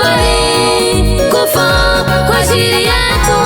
tukubali kufa kwa ajili yetu.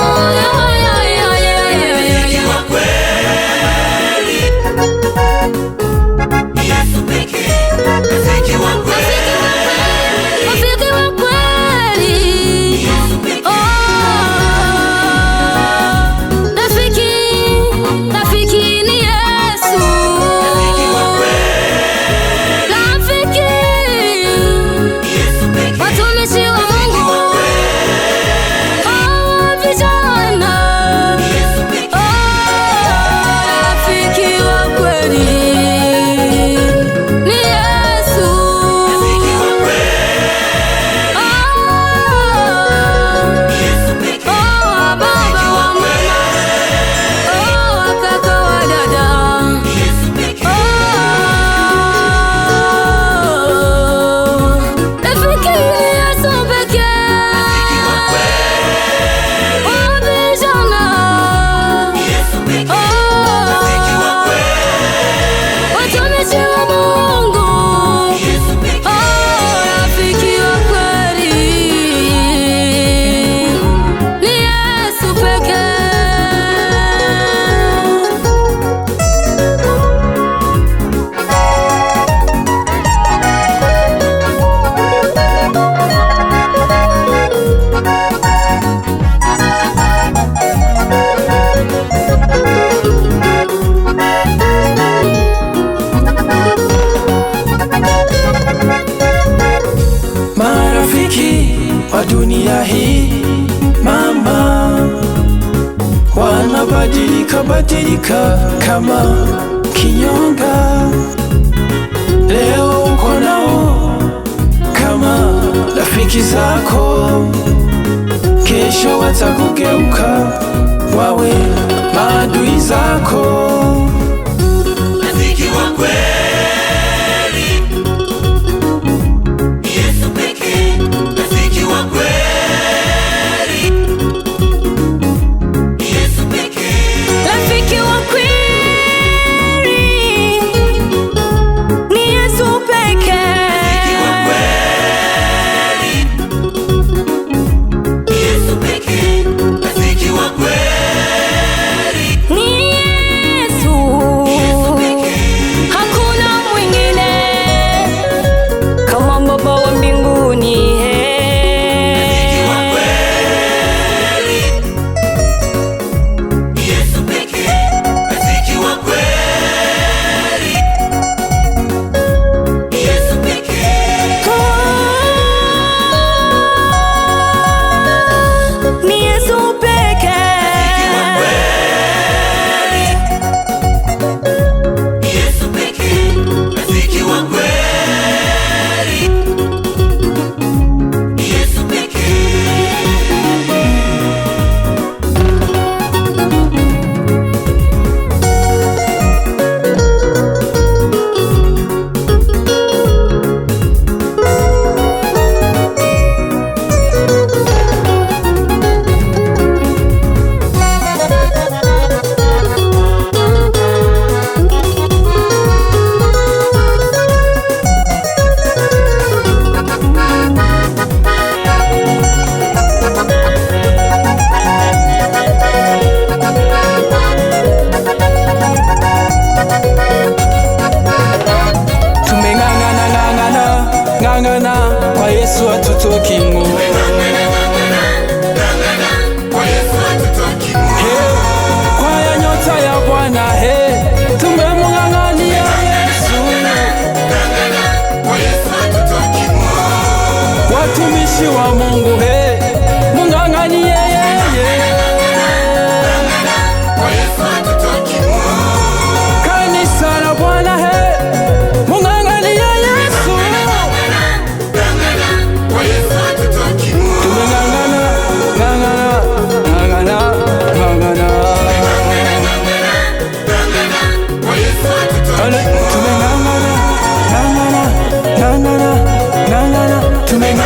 dunia hii mama, wanabadilika badilika kama kinyonga. Leo uko nao kama rafiki zako, kesho watakugeuka wawe maadui zako. Yesu watoto wa kimungu